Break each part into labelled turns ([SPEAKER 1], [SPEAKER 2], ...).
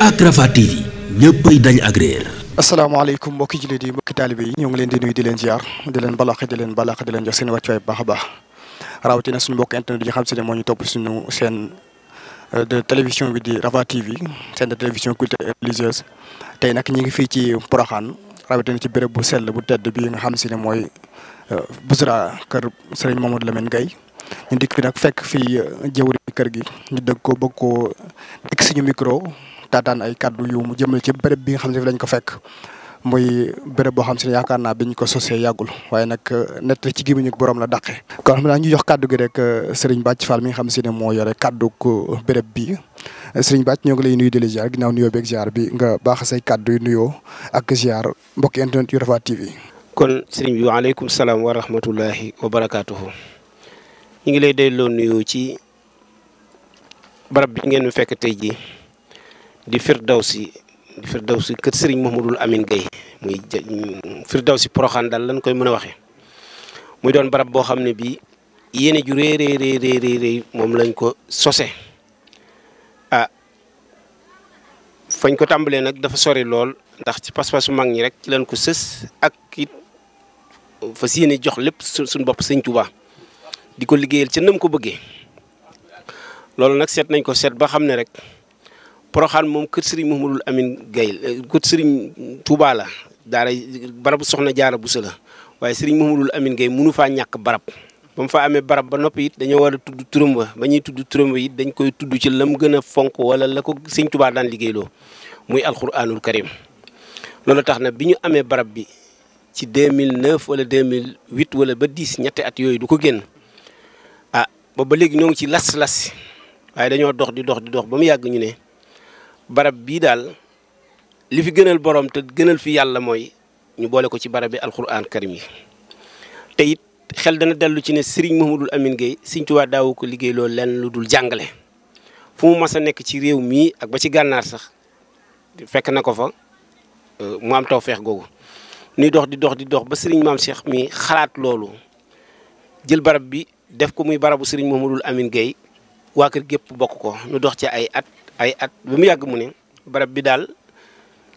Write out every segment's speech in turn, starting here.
[SPEAKER 1] ak Rafah TV ñëppay dañ agréer
[SPEAKER 2] asalaamaaleykum mbokki jullit yi mbokki taalibe yi ñoo ngi leen di nuyu di leen ziar di leen balax di leen balax di leen jox seen wàccuwaay bu baax a baax rawatina suñu mbokk internet yi nga xam si ne moo ñu topp suñu seen euh, de télévision bi di Rafah TV seen de télévision culturelle et tey nag ñi ngi fii ci Porokhane rawatina ci béréb bu sell bu tedd bi nga xam si ne mooy euh, Bousra kër Serigne Mamadou Lamine Gaye ñu dikk fi nag fekk fii euh, jëwri kër gi ñu dëgg ko bëgg koo dikk suñu micro taataan ay kaddu yu mu jëmale ci béréb bi nga xam ne fi lañ ko fekk muy béréb boo xam si ne yaakaar naa biñ ko sosee yàggul waaye nag euh, nett ci gémmiñu borom la dàqe. kon xam naa ñu jox kaddu gi rek euh, Serigne Bathie Fall mi nga xam si ne moo yore kaddu bi Serigne Bathie ñoo ngi lay nuyu di la ziar ginnaaw nuyoo beeg bi nga baax say kaddu yu nuyoo ak ziar mbokki internet yu Rafah TV.
[SPEAKER 1] kon Serigne bi waaleykum salaam wa rahmatullahi wa barakaatuhu. ñu ngi lay delloo nuyoo ci barab bi ngeen fekk tey jii. di Firdawsi di Firdawsi kër Serigne Mouhamadoul Amine Gueye muy Firdawsi Porokhane daal lañ koy mën a waxe muy doon barab boo xam ne bii yéene ju rëy rëy rëy moom lañ ko sose ah, fañ ko tàmbalee nag dafa sori lool ndax ci pas-pasu mag ñi rek ci lañ ko sës ak it fa si yéene jox lépp suñ bopp Sëñ Tuubaa di ko liggéeyal ca nam ko bëggee loolu nag seet nañ ko seet ba xam ne rek. Porokhane moom kër Serigne Mouhamadul Amine Gaye eh, kër sëriñ Touba la daara barabu soxna jaara busa la waaye Serigne Mouhamadul Amine Gaye munu faa ñàkk barab ba mu fa amee barab ba noppi it dañoo war a tudd turam ba ba ñuy tudd turam ba it dañ koy tudd ci lam gën a fonk wala la ko Serigne Touba daan liggéeyloo muy alxuraanul karim loolu tax na bi ñu amee barab bi ci 2009 wala 2008 wala ba 10 ñetti at yooyu du ko génn ah ba ba léegi ñoo ngi ci las las waaye dañoo dox di dox di dox ba mu yàgg ñu ne barab bii daal li fi gënal boroom te gënal fi yàlla mooy ñu boole ko ci barab bi alxuraan karim yi te it xel dana dellu ci ne Serigne Mouhamadou Amine Gueye Serigne Touba daawu ko liggéey loolu lenn lu dul jàngale fu mu mas a nekk ci réew mii ak ba ci gànnaar sax fekk na ko fa mu am tawfeex googu nuy dox di dox di dox ba sëriñ maam seex mi xalaat loolu jël barab bi def ko muy barabu Serigne Mouhamadou Amine Gueye waa kër gépp bokk ko ñu dox ci ay at ay at bi mu yàgg mu ne barab bi daal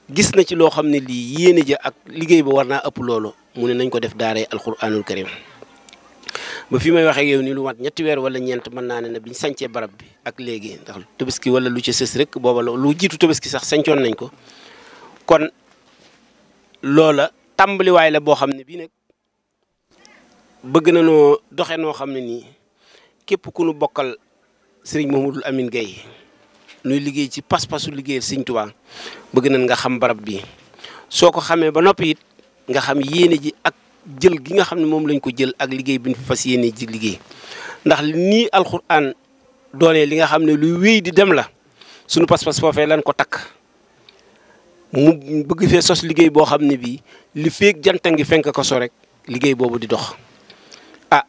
[SPEAKER 1] gis na ci loo xam ne lii yéene ja ak liggéey ba war naa ëpp loolu mu ne nañ ko def daaray alquranul karim ba fi may waxee ak yow nii lu mat ñetti weer wala ñeent mën naa ne ne biñ sancee barab bi ak léegi ndax tabaski wala lu ci sës rek booba lu jiitu tabaski sax sancoon nañ ko kon loola tàmbaliwaay la boo xam ne bii nag bëgg na noo doxe noo xam ne nii képp ku nu bokkal sëriñ Mamadou Amine Gueye nuy liggéey ci pas-pasu liggéeyal Sëñ Tuubaa bëgg nañ nga xam barab bi soo ko xamee ba noppi it nga xam yéene ji ak jël gi nga xam ne moom lañ ko jël ak liggéey bi ñu fas yéene ji liggéey ndax nii alxuraan doone li nga xam ne luy wéy di dem la suñu pas-pas foofee lañ ko takk mu bëgg fee sos liggéey boo xam ne bii li feeg janta ngi fenk ko so rek liggéey boobu di dox ah,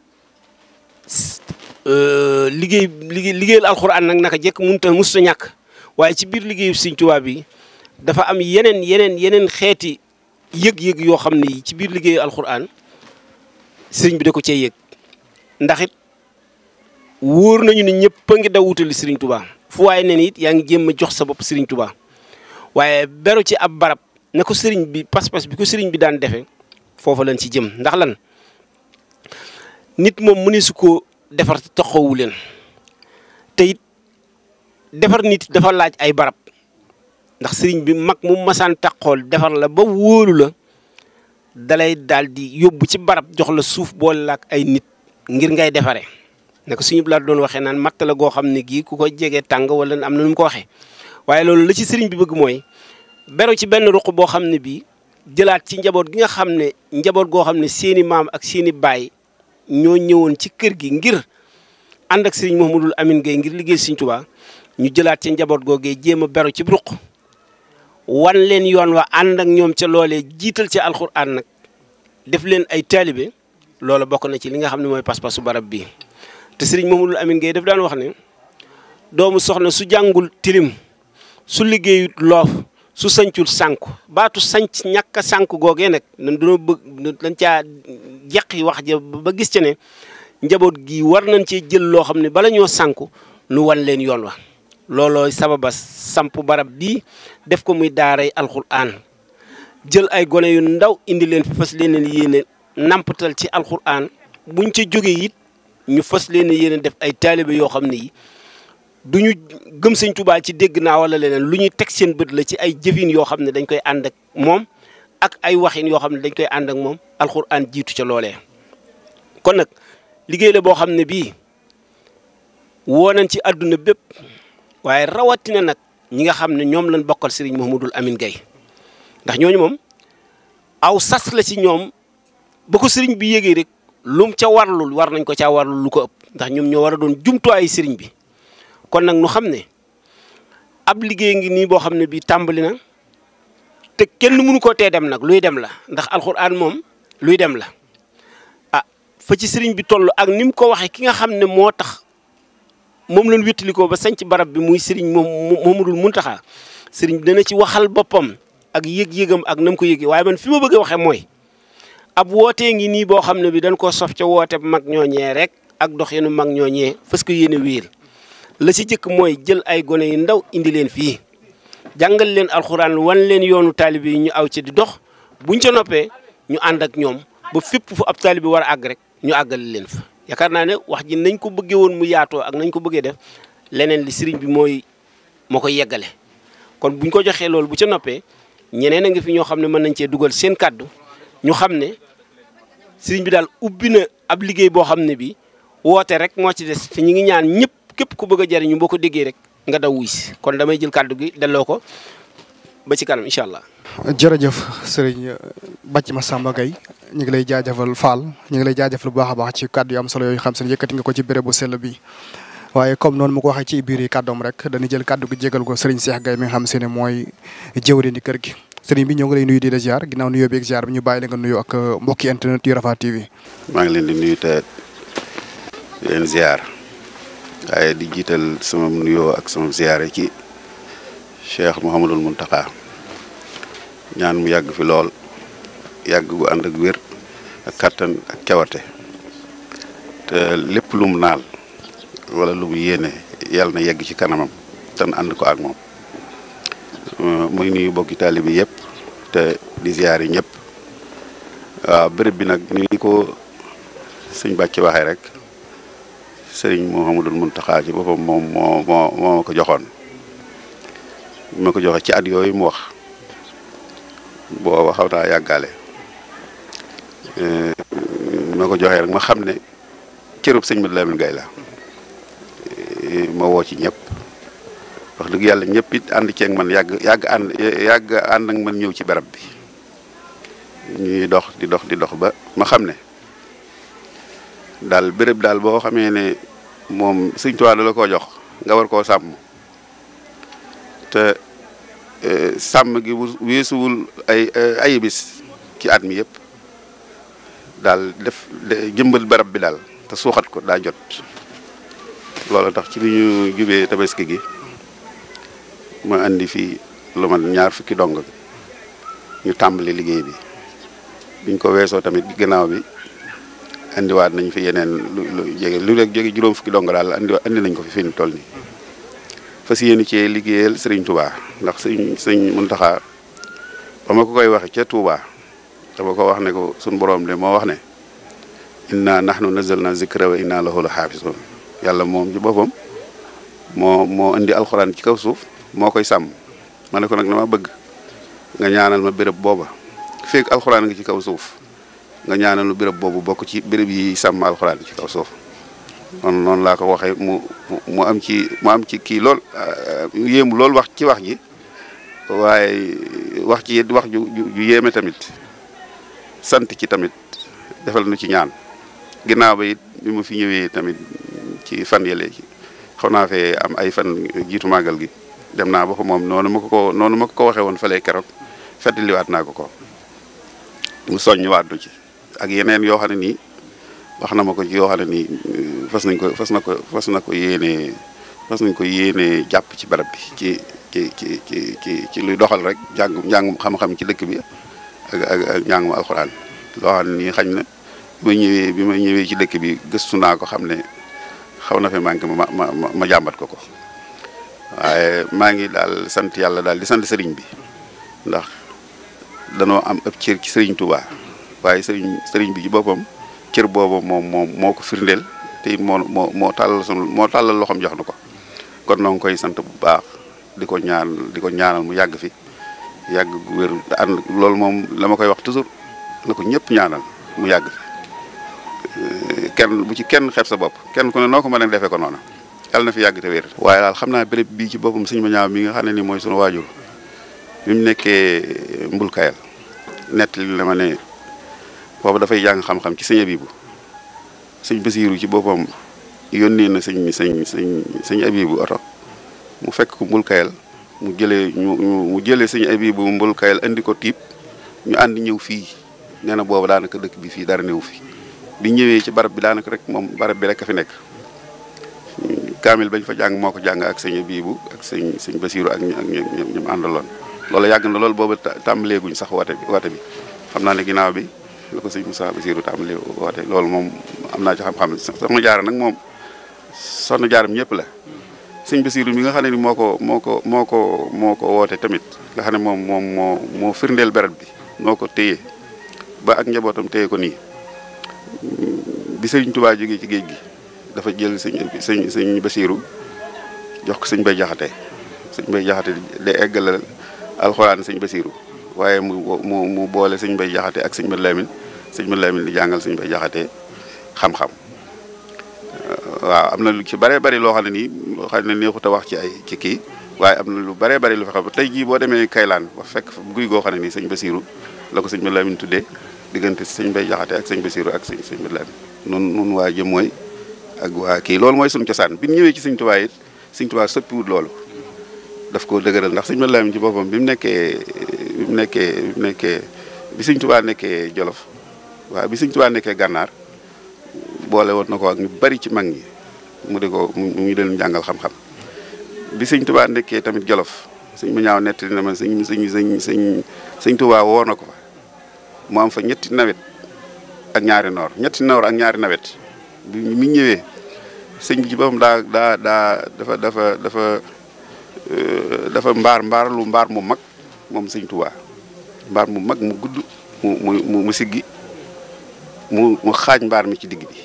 [SPEAKER 1] Euh, liggéey liggéey liggéeyal alxuraan nag naka jekk mënut a mosut a ñàkk waaye ci biir liggéeyu Sëñ Tuubaa bi dafa am yeneen yeneen yeneen xeeti yëg-yëg yoo xam ne ci biir liggéeyu alxuraan sëriñ bi de ko cee yëg ndax it wóor nañu ne ñëpp a ngi daw wutali sëriñ Tuubaa fu waaye nen it yaa ngi jéem a jox sa bopp sëriñ Tuubaa waaye beru ci ab barab ne ko sëriñ bi pas-pas bi ko sëriñ bi daan defee foofa lañ ci jëm ndax lan nit moom mu ne su ko defar taxawu leen te it defar nit dafa laaj ay barab ndax sëriñ bi mag mu masaan taxool defar la ba wóolu la dalay daal di yóbbu ci barab jox la suuf boole la ak ay nit ngir ngay defaree naka suñu laa doon waxee naan matt la goo xam ne gii ku ko jege tàng wala am na nu mu ko waxee waaye loolu la ci sëriñ bi bëgg mooy beru ci benn ruq boo xam ne bii jëlaat ci njaboot gi nga xam ne njaboot goo xam ne seeni maam ak seeni baay ñoo ñëwoon ci kër gi ngir ànd ak sëriñ Mouhamadul Amine géey ngir liggéey sëriñ Tuubaa ñu jëlaat ci njaboot googee jéem a beru ci ruq wan leen yoon wa ànd ak ñoom ca loolee jiital ci alxuraan nag def leen ay taalibe loola bokk na ci li nga xam ne mooy pas-pasu barab bi te sëriñ Mouhamadul Amine Gueye daf daan wax ne doomu soxna su jàngul tilim su liggéeyut loof su sañcul sànku baatu sanc ñàkk a sànku googee nag ñun dañoo bëgg dañ caa jeqi wax ja ba gis ci ne njaboot gi war nañ cee jël loo xam ne bala ñoo sànku nu wan leen yoon wa loolooy sababa sampu barab bii def ko muy daaray alxuraan jël ay gone yu ndaw indi leen fi fas leen yéene nampatal ci alxuraan buñ ca jógee it ñu fas leen yéene def ay taalibe yoo xam ne yi du ñu gëm sëñ Tuubaa ci dégg naa wala leneen lu ñuy teg seen bët la ci ay jëfin yoo xam ne dañ koy ànd moom ak ay waxin yoo xam ne dañ koy ànd ak moom alxuraan jiitu ca loole kon nag liggéey la boo xam ne bii woo nañ ci àdduna bépp waaye rawatina nag ñi nga xam ne ñoom lañ bokkal Serigne Mouhamadul Amine Gaye ndax ñooñu moom aw sas la ci ñoom ba ko sëriñ bi yégee rek lum ca warlul war nañ ko caa warlul lu ko ëpp ndax ñoom ñoo war a doon jumtuwaayu sëriñ bi. kon nag nu xam ne ab liggéey ngi nii boo xam ne bii tàmbali na te kenn mënu koo dem nag luy dem la ndax alxuraan moom luy dem la a ah, fa ci sëriñ bi toll ak ni mu ko waxee ki nga xam ne moo tax moom lañ wéttalikoo ba sanc barab bi muy sëriñ moom mun Muntaxa sëriñ bi dana ci waxal boppam ak yëg-yëgam ak nam ko yëgee waaye man fi ma bëgg a waxee mooy ab wootee ngi nii boo xam ne bi dañ koo sof ca woote mag ñooñee rek ak dox yenu mag ñooñee fas ko yéene wéer la si jëkk mooy jël ay gone yu ndaw indi leen fii jàngal leen alxuraan wan leen yoonu taalibe yi ñu aw ci di dox buñ ca noppee ñu ànd ak ñoom ba fépp fu ab taalibe war a àgg rek ñu àggal leen fa. yaakaar naa ne wax ji nañ ko bëggee woon mu yaatoo ak nañ ko bëggee def leneen li sëriñ bi mooy moo ko yeggale kon buñ ko joxee loolu bu ca noppee ñeneen a ngi fi ñoo xam ne mën nañ cee dugal seen kàddu ñu xam ne sëriñ bi daal ubbi na ab liggéey boo xam ne bi woote rek moo ci des te ñu ngi ñaan ñëpp. képp ku bëgg a jariñu boo ko déggee rek nga daw wuy si kon damay jël kàddu gi delloo ko ba ci kanam incha allah.
[SPEAKER 2] jërëjëf sëriñ euh, Bàcc Massamba Gueye ñu ngi lay jaajëfal faal ñu ngi lay jaajëfal bu a baax ci kàddu yu am solo yooyu xam seen yëkkati nga ko ci bu sell bi waaye comme noonu mu ko waxee ci biir yi kaddoom rek dañu jël kàddu gi jégal ko sëriñ Cheikh Gueye mi nga xam se ne mooy jëwriñ ni kër gi sëriñ bi ñoo ngi lay nuyu di la jaar gi naaw bi ak ziar ñu bàyyi la nga nuyu ak euh, mbokki internet yu Rafah TV.
[SPEAKER 3] maa ngi leen di nuyu te leen ziar. waaye di jiital sama nuyoo ak sama ziyaare ci Cheikh Mouhamadul Mountakha ñaan mu yàgg fi lool yàgg gu ànd ak wér ak kàttan ak kewate te lépp lum naal wala lu mu yéene yàlla na yegg ci kanamam tan ànd ko ak moom euh, muy nuyu bokki taalibe yëpp te di ziyaare ñëpp waaw béréb bi nag ni ko sëñ bàcc waxee rek sëriñ Mouhamadul Mountakha ci boppam moom moo moo moo ma ko joxoon ma ko joxe ci at yooyu mu wax booba xaw naa yàggaale ma ko joxee rek ma xam ne cërub sëñ Mate Lamine Gaye la ma woo ci ñëpp wax dëgg yàlla ñëpp it ànd ceeg man yàgg yàgg ànd yàgg ànd ak man ñëw ci barab bi ñuy dox di dox di dox ba ma xam ne daal béréb daal boo xamee ne moom Sëñ Tuubaa da la koo jox nga war koo sàmm te e, sàmm gi weesuwul ay e, ay bis ci at mi yëpp daal def jëmbal barab bi daal te suuxat ko daa jot loolu tax ci bi ñu jubee tabaski gi ma indi fi lu mat ñaar fukki dong ñu tàmbali liggéey bi biñ ko weesoo tamit gannaaw bi indiwaat nañ fi yeneen lu lu jege lu rek jege juróom fukki dongo daal andi nañ ko fi fin ñu toll nii fas yéene cee liggéeyal Serigne Touba ndax sëñ sëñ Mountakha ba ma ko koy waxe ca Touba dama ko wax ne ko suñu borom de moo wax ne inna nahnu nazzalna zikra wa inna lahu la xaafisuun yàlla moom ci boppam moo indi alxuraan ci kaw suuf moo koy sàmm ma ne ko nag dama bëgg nga ñaanal ma béréb booba feek alxuraan nga ci kaw suuf nga lu béréb boobu bokk ci béréb yi sàmm alxuraan ci kaw suuf noonu noonu laa ko waxe mu mu am ci mu am ci kii lool euh, yéemu lool wax ci wax ji waaye wax ci wax ju ju tamit sant ci tamit defal nu ci ñaan ginnaaw ba it bi fi ñëwee tamit ci fan yële xaw naa fee am ay fan jiitu màggal gi dem naa ba ko moom noonu ma ko ko noonu ma waxee woon fële keroog fàttaliwaat naa ko ko mu soññiwaat ci. ak yeneen yoo xam ne nii wax na ma ko ci yoo xam ne nii euh, fas nañ ko fas na ko fas na ko yéenee fas nañ ko yéenee jàpp ci barab bi ci ci ci ci ci ci luy doxal rek njàngum njàngum xam ci dëkk bi ak ak ak njàngum alxuraan nii xañ na bi ma ñëwee bi ma ñëwee ci dëkk bi gëstu naa ko xam ne xaw na fi manqué ma ma ma jàmbat ko ko waaye maa ngi daal sant yàlla daal di sant sëriñ bi ndax danoo am ëpp cër ci sëriñ Touba. waaye sëriñ sëriñ bi ci boppam cër boobu moom moom moo ko firndeel te it moo moo moo tàllal sunu moo tàllal loxoom jox na ko kon noo ngi koy sant bu baax di ko ñaan di ko ñaanal mu yàgg fi yàgg gu wér ànd loolu moom la koy wax toujours na ko ñëpp ñaanal mu yàgg fi euh, kenn bu ci kenn xeeb sa bopp kenn ku ne noo ko mën a defee ko noonu yàlla fi yàgg te wér. waaye daal xam naa béréb bii ci boppam sëñ ma ñaaw mi nga xam ne ni mooy sunu waajur bi mu nekkee nett nettali na ma ne. boobu dafay jàng xam-xam ci sëñ Abibu sëñ Basiiru ci boppam yónnee na sëñ sëñ sëñ sëñ Abibu oto mu fekk ko mbul kayal mu jëlee ñu mu jëlee sëñ Abibu mbul kayal indi ko tiib ñu ànd ñëw fii nee na boobu daanaka dëkk bi fii dara néew fi bi ñëwee ci barab bi daanaka rek moom barab bi rek a fi nekk kaamil bañ fa jàng moo ko jàng ak sëñ biibu ak sëñ sëñ Basiiru ak ak ñoom àndaloon loolu yàgg na loolu boobu tàmbaleeguñ sax woote bi bi xam naa ne ginnaaw bi la ko sëñ Moussa Bassirou tàmbali woote loolu moom am naa ci xam-xam soxna jaara nag moom jaar jaaram ñëpp la sëñ Bassirou mi nga xam ne ni moo ko moo ko moo ko moo ko woote tamit nga xam ne moom moom moo moo firndeel béréb bi moo ko téye ba ak njabootam téye ko nii bi sëñ Touba jógee ci géej gi dafa jël sëñ sëñ sëñ Bassirou jox ko sëñ ba Jaxate sëñ Bay Jaxate de eggalal alxuraan sëñ Bassirou waaye mu mu mu boole sëñ Mbay Jaxate ak sëñ Mbay Lamin sëñ Mbay di jàngal sëñ Mbay Jaxate xam-xam euh, waaw am na lu ci bare bari loo xam ne nii loo xam ne wax ci ay ci kii waaye am na lu bare bari lu fa xam tey jii boo demee Kaylaan ba fekk guy goo xam ne nii sëñ Basiiru la ko sëñ Mbay Lamin tuddee diggante sëñ Mbay Jaxate ak sëñ Basiiru ak sëñ Mbay nun waa jëm mooy ak waa kii loolu mooy suñu cosaan bi ñu ñëwee ci sëñ Tuubaa it sëñ Tuubaa soppiwut loolu daf ko dëgëral ndax sëñ Mbay Lamin ci boppam bi mu nekkee bi mu nekkee nekke mu nekkee bi Sëñ Tuubaa nekkee Jolof waaw bi Sëñ Tuubaa nekkee Gànnaar boole woon na ko ak ñu bari ci mag ñi mu di ko mu ngi leen jàngal xam-xam bi Sëñ Tuubaa nekkee tamit Jolof sëñ mu ñaaw nettali na ma sëñ sëñ sëñ sëñ Sëñ Tuubaa woo na ko fa mu am fa ñetti nawet ak noor ñetti noor ak ñaari nawet bi mi ñëwee sëñ bi ci boppam daa daa daa dafa dafa dafa euh, dafa mbaar mbaar lu mbaar mu mag moom sëñ Tuubaa mbaar mu mag mu gudd mu mu mu siggi mu mu xaaj mbaar mi ci digg bi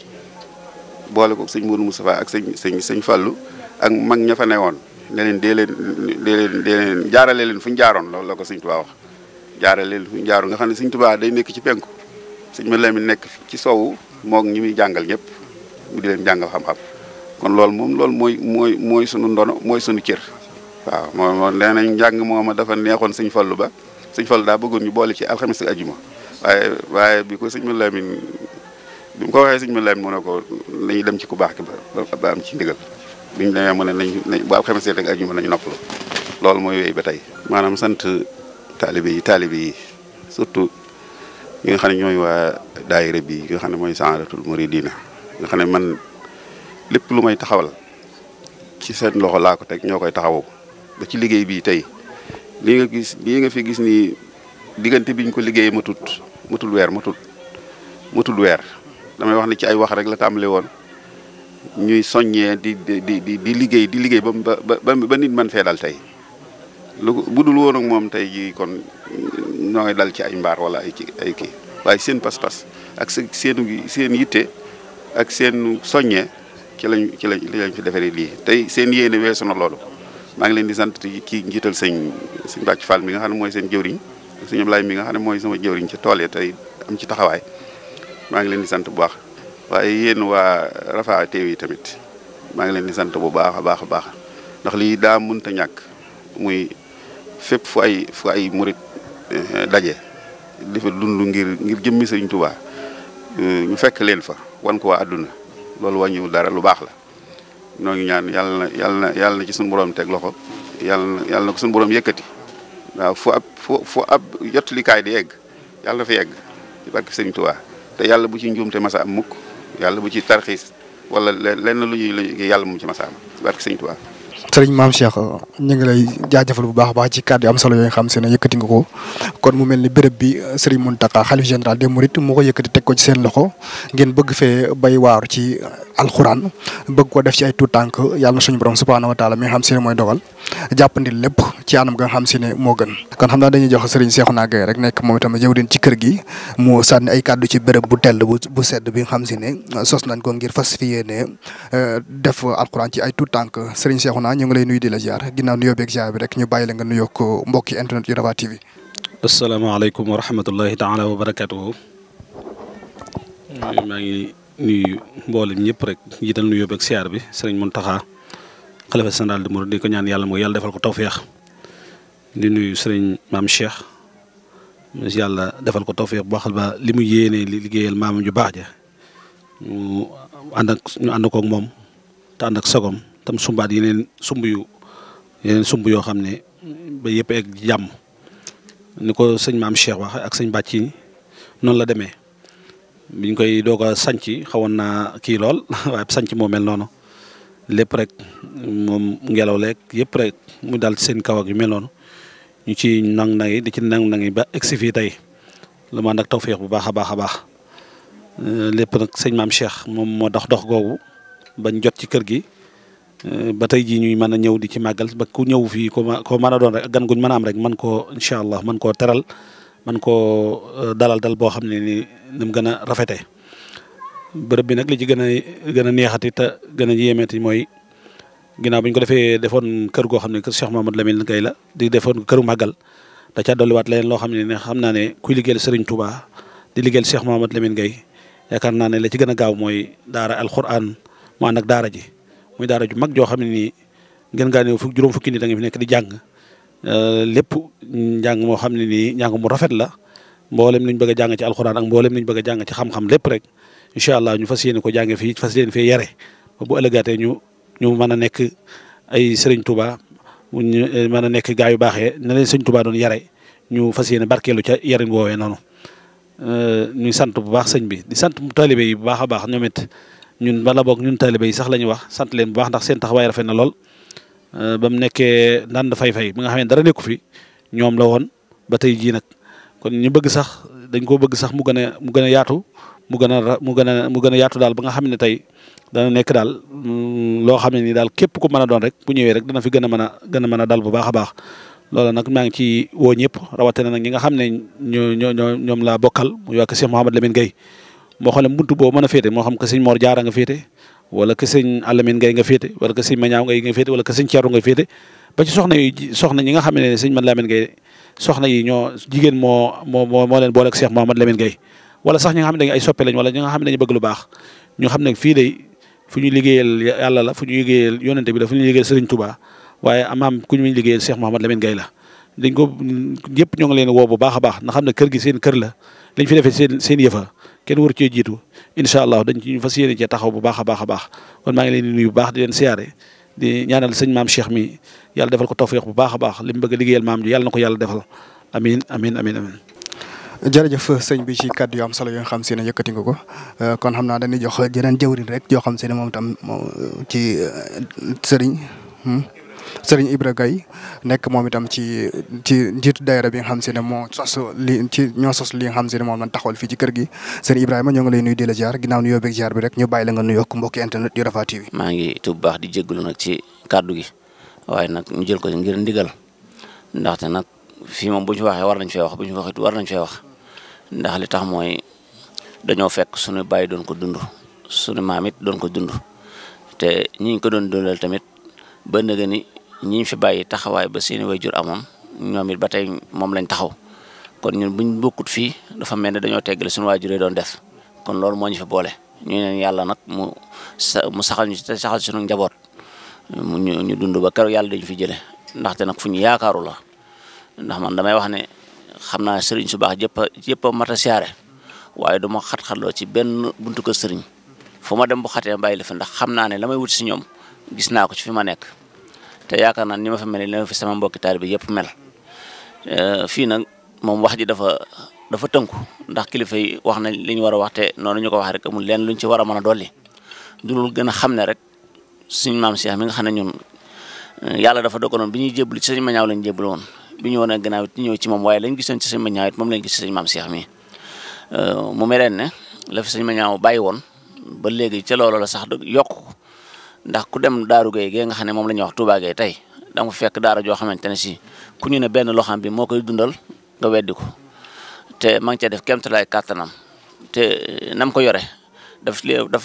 [SPEAKER 3] boole ko sëñ Mourou Moustapha ak sëñ sëñ sëñ Fallou ak mag ña fa newoon ne leen dee leen jaarale leen fu ñu jaaroon loolu la ko sëñ Tuubaa wax jaarale leen fu ñu nga xam ne sëñ Tuubaa day nekk ci penku sëñ ma Lamin nekk ci soowu moog ñi muy jàngal ñépp mu di leen jàngal xam-xam kon loolu moom loolu mooy mooy mooy sunu ndono mooy sunu cër waaw moom moom nee nañ njàng mooma dafa neexoon sëñ fallu ba sëñ fallu daa bëggoon ñu boole ci alxames ak ajuma waaye waaye bi ko sëñ ma Lamin bi mu ko waxee sëñ ma Lamin mu ne ko nañu dem ci ku baax ki ba am ci ndigal bi ñu demee mu ne nañ nañ bu alxames ak ajuma nañu noppalu loolu mooy wéy ba tey maanaam sant taalibe yi taalibe yi surtout ñi nga xam ne ñooy waa daayira bi nga xam ne mooy Saadatul diina nga xam ne man lépp lu may taxawal ci seen loxo laako teg ñoo koy taxawu ba ci liggéey bii tey lii nga gis lii nga fi gis nii diggante biñ ko liggéeyee matut matul weer matul matul weer damay wax ne ci ay wax rek la tàmbale woon ñuy soññee di di liggéey di liggéey ba ba nit man fee dal tey lu budul woon ak moom tey jii kon ñoo dal ci ay mbaar wala ay ci ay kii waaye seen pas-pas ak seen yitte ak seen soññee ci lañ ci lañ ci fi defaree lii tey seen yéene weesu na loolu. maa ngi leen di sant kii njiital sëñ sëñ Bàcc Fall mi nga xam ne mooy seen jëwriñ ak sëñ Ablaye mi nga xam ne mooy sama jëwriñ ca tool ya tey am ci taxawaay maa ngi leen di sant bu baax waaye yéen waa Rafah TV tamit maa ngi leen di sant bu baax a baax a baax ndax lii daa mënta ñàkk muy fépp fu ay fu ay murit eh, daje di fa dund ngir ngir jëmmi sëriñ Tuubaa eh, ñu fekk leen fa wan ko waa àdduna loolu wàññiwul dara lu baax la noo ngi ñaan yàlla na yàlla na yàlla ci suñu borom teg loxo yàlla na yàlla na ko suñu borom yëkkati waaw fo ab fu fu ab jotulikaay di yegg yàlla na fa yegg ci barke Sëriñ Tuubaa te yàlla bu ci njuumte masa am mukk yàlla bu ci tarxiis wala lenn lu ñuy yàlla mu ci masa am ci barke Sëriñ Tuubaa
[SPEAKER 2] sëriñ maam Cheikh ñu ngi lay jaajëfal bu baax a baax ci kàddu am solo yooyu xam se ne yëkkati nga ko kon mu mel ni béréb bi euh, sëriñ Mountakha xalif général des Mourides moo ko yëkkati teg ko ci seen loxo ngeen bëgg fee bay waaru ci alxuraan bëgg ko def ci ay tuut tànk yàlla na suñu borom subhaanahu wa taala mi xam se ne mooy dogal jàppandil lépp ci anam nga xam si ne moo gën kon xam naa dañuy jox sëriñ Seexuna Gaye rek nekk moom itam jëwriñ ci kër gi mu sànni ay kàddu ci béréb bu tell bu bu sedd bi nga xam si ne uh, sos nañ ko ngir fas fi yéene uh, def alxuraan ci ay tout tànk sëriñ Seexuna ñu ngi lay nuyu di la ziar ginnaaw nuyoo beeg ziar bi rek ñu bàyyi la nga nuyoo ko mbokki internet yu Rafah TV.
[SPEAKER 4] asalaamaaleykum wa rahmatullahi taala wa barakatuhu maa ngi nuyu mboolem ñëpp rek jiital nuyoo beeg ziar bi sëriñ Mountakha xalifa général de Mouride di ko ñaan yàlla mooy yàlla defal ko tawféex nuyu sëriñ maam Cheikh yàlla defal ko tawféex bu baax ba li mu yéene li liggéeyal maamam ju baax ja ñu ànd ak moom te ànd ak tam sumbaat yeneen sumb yu yeneen sumb yoo xam ne ba yëpp egg jàmm ni ko sëñ maam Cheikh wax ak sëñ bàcc yi noonu la demee biñ koy doog a sànci xawoon naa kii lool waaye sañci moo mel noonu lépp rek moom ngelaw leeg yépp rek mu daal ci seen kaw ak yu mel noonu ñu ci nang nangi di ci nang nangi ba egsi fii tey lu ma nag tawféex bu baax a baax a baax euh, lépp nag sëñ mam Cheikh moom moo dox dox googu bañ jot ci kër gi euh, ba tey jii ñuy mën a ñëw di ci màggal ba ku ñëw fii ko koo mën doon rek gan guñ mën a am rek man koo incha allah man koo teral man koo euh, dalal dal boo xam ne ni mu gën a rafetee bërëb bi nag li ci gën a gën a neexati te gën a yéemeeti mooy ginnaaw bi ñu ko defee defoon kër goo xam ne kër Cheikh Mamadou Lamine Gaye la di defoon këru màggal da caa dolliwaat leneen loo xam ne ne xam naa ne kuy liggéeyal Serigne Touba di seex Cheikh Mamadou Lamine gay yaakaar naa ne la ci gën a gaaw mooy daara alquran mu ànd ak daara ji muy daara ju mag joo xam ne nii ngeen gaa néew fukk juróom fukki nit da nga nekk di jàng lépp njàng moo xam ne nii njàng mu rafet la mboolem luñ bëgg a jàng ci alxuraan ak mboolem luñ bëgg a jàng ci xam-xam lépp rek incha allah ñu fas yéene ko jànge fii fas yéene fee yare bu ëllëgaatee ñu ñu mën a nekk ay sëriñ Touba ñu eh, mën a nekk gaa yu baaxee ne leen sëriñ Touba doon yare ñu fas yéene barkeelu ca yarin woowee noonu eh, ñu sant bu baax sëñ bi di sant taalibe yi bu baax a baax ñoom it ñun bala boog ñun taalibe yi sax la ñuy wax sant leen bu baax ndax seen taxawaay rafet na lool eh, ba mu nekkee ndànd fay-fay bi nga xam ne dara nekku fi ñoom la woon ba tey jii nag kon ñu bëgg sax dañ koo bëgg sax mu gën a a yaatu mu gën a mu a mu a yaatu daal ba nga xam ne tey dana nekk daal mm, loo xam ne nii daal képp ku mën a doon rek bu ñëwee rek dana fi gën a mën a gën a mën a dal bu baax a baax loolu nag maa ngi ci woo ñëpp rawatina nag ñi nga xam ne ñoo ñoo ñoom laa bokkal muy waa Cheikh Mouhamed Lamine Gueye moo boo mën moo xam que sëñ Mor Diarra nga féete wala que sëñ Alamine Gueye nga féete wala que sëñ nga féete wala que sëñ Thierno nga féete ba ci soxna ñi nga xam ne sëñ man Lamine Gueye soxna yi ñoo jigéen moo moo moo moo leen boole ak Cheikh Mouhamed Lamine Gueye sax ñi xam ne ay soppe lañ wala ñi nga xam ne dañu bëgg lu baax ñu xam ne fii day fu ñu liggéeyal yàlla la fu ñu liggéeyal yonente bi la fu ñu liggéeyal Serigne Touba waaye amaam ku ñu liggéeyal Cheikh Mouhamed Lamine Gueye la dañ ko yëpp ñoo ngi leen woo bu baax a baax na kër gi seen kër la liñ fi defee seen seen yëfa kenn war cee jiitu incha allah dañ ci ñu fas yéene taxaw bu baax a baax a baax kon maa ngi leen di nuyu bu baax di leen siyaare ñaanal sëñ maam Cheikh mi yàlla defal ko tawféex bu baax baax li mu bëgg a liggéeyal maam ji a na ko yàlla defal
[SPEAKER 2] amin amin jërëjëf sëñ bi ci kàddu yu am solo yoo xam si ne yëkkati nga ko euh, kon xam naa dañuy jox jeneen jëwriñ rek yoo xam si ne moom tam ci euh, sëriñ hmm? sëriñ Ibra Gaye nekk moom itam ci ci njiitu daayira bi nga xam si ne moo sos li ci li nga xam si moom lañ taxawal fi ci kër gi sëriñ Ibrahima ñoo ngi lay nuy di la jaar ginnaaw nuyoo beeg jaar bi rek ñu bàyyi la nga nuyoo mbokki internet yu Rafah TV.
[SPEAKER 5] maa ngi tuub baax di jégalu nag ci kàddu gi. waaye nag ñu jël ko ngir ndigal ndaxte nag fii moom bu ñu waxee war nañ fee wax bu ñu waxit war nañ fee wax ndax li tax mooy dañoo fekk suñu bàyyi doon ko dund suñu maam it doon ko dund te ñi ko doon dundal tamit ba nga ni ñi fi bàyyi taxawaay ba seeni wayjur amoon ñoom it ba tey moom lañ taxaw kon ñun buñ bukkut fii dafa mel ne dañoo teggale suñu waajur yi doon def kon loolu moo ñu fi boole ñu neen yàlla nag mu sa mu saxal ñu saxal suñu njaboot. mu ñu ñu dund ba keroog yàlla dañu fi jële ndaxte nag fu ñu yaakaaru la ndax man damay wax ne xam naa sëriñ su baax jëpp a mat a siyaare waaye du ma xat-xatloo ci benn buntu ko sëriñ fu ma dem bu xatee mbay la fi ndax xam naa ne la may wut si ñoom gis naa ko ci fi ma nekk te yaakaar naa ni ma mel ni ma fi sama mbokki taalibe yëpp mel euh, fii nag moom wax ji dafa dafa tënku ndax kilifa yi wax nañ li ñu war a wax noonu ñu ko wax rek amul lenn luñ ci war a mën a dolli dul gën a xam ne rek. suñ maam Cheikh mi nga xam ne ñoom euh, yàlla dafa dogaloon bi ñuy jébbalu ci sëñ Mañaaw lañ jébbalu woon bi ñu woon a gannaaw it ñëw ci moom waaye lañ gisoon ci sëñ Mañaaw it moom lañ gis ci sëñ maam Cheikh mi euh, mu mereen ne la fi sëñ Mañaaw bàyyi woon ba léegi ca loolu la sax yokk ndax ku dem Daaru Gaye gee nga xam ne moom la ñuy wax Touba tey da nga fekk daara joo xamante ne si ku ñu ne benn loxam bi moo koy dundal nga weddi ko te ma ngi cee def kéemtalaay kàttanam te euh, nam ko yore. daf daf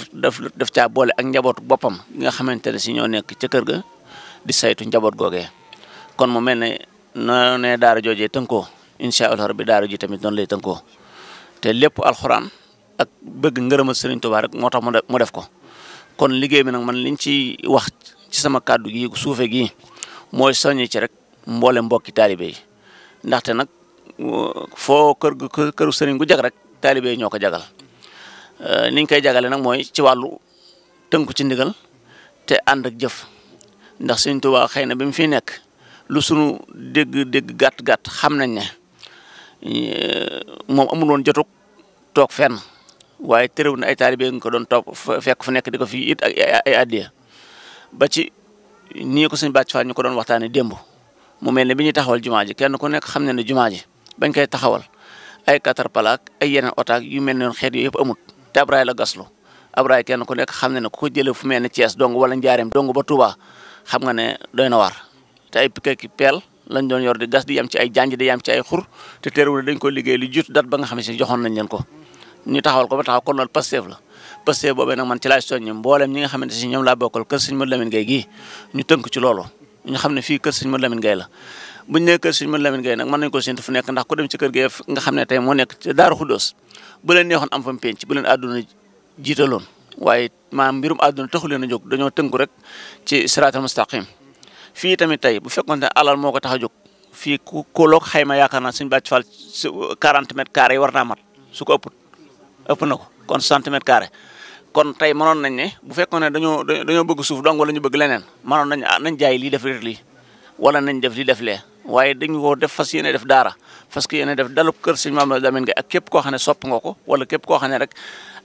[SPEAKER 5] daf daf boole ak njabootu boppam gi nga xamante ne si ñoo nekk ca kër ga di saytu njaboot googee kon mu mel ne noo ne daara joojee tënkoo incha allah rabbi daara ji tamit noonu lay tënkoo te lépp alxuraan ak bëgg ngërëmal Sëriñ Tuubaa rek moo tax mu def ko kon liggéey bi nag man liñ ci wax ci sama kàddu gi suufe gi mooy soññi ci rek mboole mbokki taalibe yi ndaxte nag foo kër gu këru sëriñ gu jag rek taalibe yi ñoo ko jagal Euh, ni ñu koy jagale nag mooy ci wàllu ko ci ndigal te ànd ak jëf ndax Sëñ Tuubaa xëy na bi mu fi nekk lu sunu dégg-dégg gàtt-gàtt xam nañ ne euh, moom amul woon jotug toog fenn waaye tëréw na ay taalibe nga ko doon toog fekk fu nekk di ko fi it ak ay addiya ba ci nii ko Sëñ Bàcc Faal ñu ko doon waxtaanee démb mu mel ne bi ñuy taxawal jumaa ji kenn ku nekk xam ne ne jumaa ji bañ koy taxawal ay katar palaak ay yeneen otaak yu mel noonu xeet yooyu yëpp amut te Abraay la gaslu Abraay kenn ku nekk xam ne ne ko jëlee fu mel ne dong wala Njaareem dong ba Touba xam nga ne doy na waar te ay pique peel lañ doon yor di gas di yem ci ay xur te teerewul dañ ko liggéey lu jut dat ba nga xam ne si ñoom laa bokkal kër Sëñ Modou Lamine Gueye gii ñu tënk ci loolu ñu xam ne fii kër Sëñ Modou Lamine Gueye la buñ nee kër Serigne Modou Lamine Gueye nag mën nañ ko séntu fu nekk ndax ku dem ci kër Gueye nga xam ne tey moo nekk ci Daaru Xuddoos bu leen neexoon am fa mu penc bu leen àdduna jiitaloon waaye maanaam mbirum àdduna taxu a jóg dañoo tënku rek ci siraatal mustaqim fii tamit tey bu fekkoon ne alal moo ko tax a jóg fii ku ku loog xayma yaakaar na suñu bàcc fal 40 mètres carrés yi war naa mat su ko ëpput ëpp na ko kon 60 mètres carrés kon tey mënoon nañ ne bu fekkoon ne dañoo dañoo bëgg suuf dong wala ñu bëgg leneen mënoon nañ nañ jaay lii def wala nañ def li def lee waaye dañu woo def fas yéene def daara fas yéene def dalub kër sëñ Mamadou Lamine Gaye ak képp koo xam ne sopp nga ko wala képp koo xam ne rek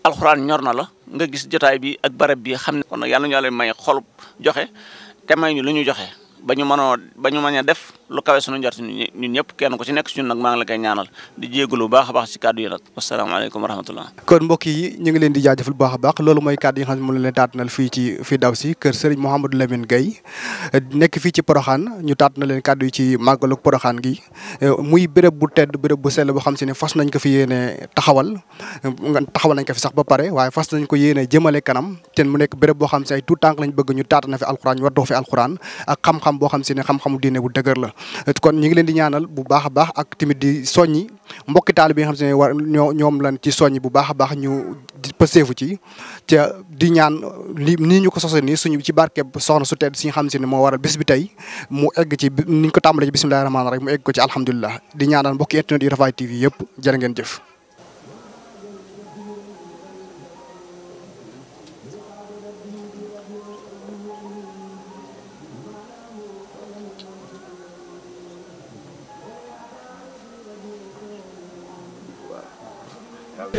[SPEAKER 5] alxuraan ñor na la nga gis jotaay bi ak barab bi xam ne kon nag yàlla ñu yàlla may xolub joxe te may ñu lu ñu joxe ba ñu mënoo ba ñu mën a def lu kawe sunu njort ñun ñëpp kenn ku ci nekk si ñun nag maa ngi la koy ñaanal di jégalu ba baax a baax si kàddu yi nag wasalaamaaleykum wa rahmatullah
[SPEAKER 2] kon mbokk yi ñu ngi leen di jaajëfal bu baax baax loolu mooy kàddu yi nga xam ne moom la leen taatanal fii ci fii daw si kër nekk fii ci Poroxaan ñu taat na leen kàddu yi ci màggalu Poroxaan gi muy bërëb bu tedd bërëb bu sell boo xam si ne fas nañ ko fi yéene taxawal taxawal nañ ko fi sax ba pare waaye fas nañ ko yéene jëmale kanam ten mu nekk béréb boo xam si ay tout tànk lañ bëgg ñu taat na fi alxuraan ñu war doo fi alxuraan ak xam-xam boo xam si ne xam-xamu diine bu la kon ñu ngi leen di ñaanal bu baax a baax ak tamit di soññi mbokki taalibe yi nga xam ne war ñoo ñoom lan ci soññi bu baax a baax ñu pëseefu ci di ñaan li nii ñu ko sose nii suñu ci barkeb soxna su tedd si nga xam si ne moo waral bis bi tey mu egg ci ni ñu ko tàmbalee ci bismillahi rahmaani rahim mu egg ko ci alhamdulilah di ñaanal mbokki internet yi Rafah TV yëpp jërë ngeen jëf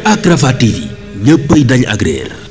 [SPEAKER 2] ak Rafah TV
[SPEAKER 4] ñëppay dañ agréer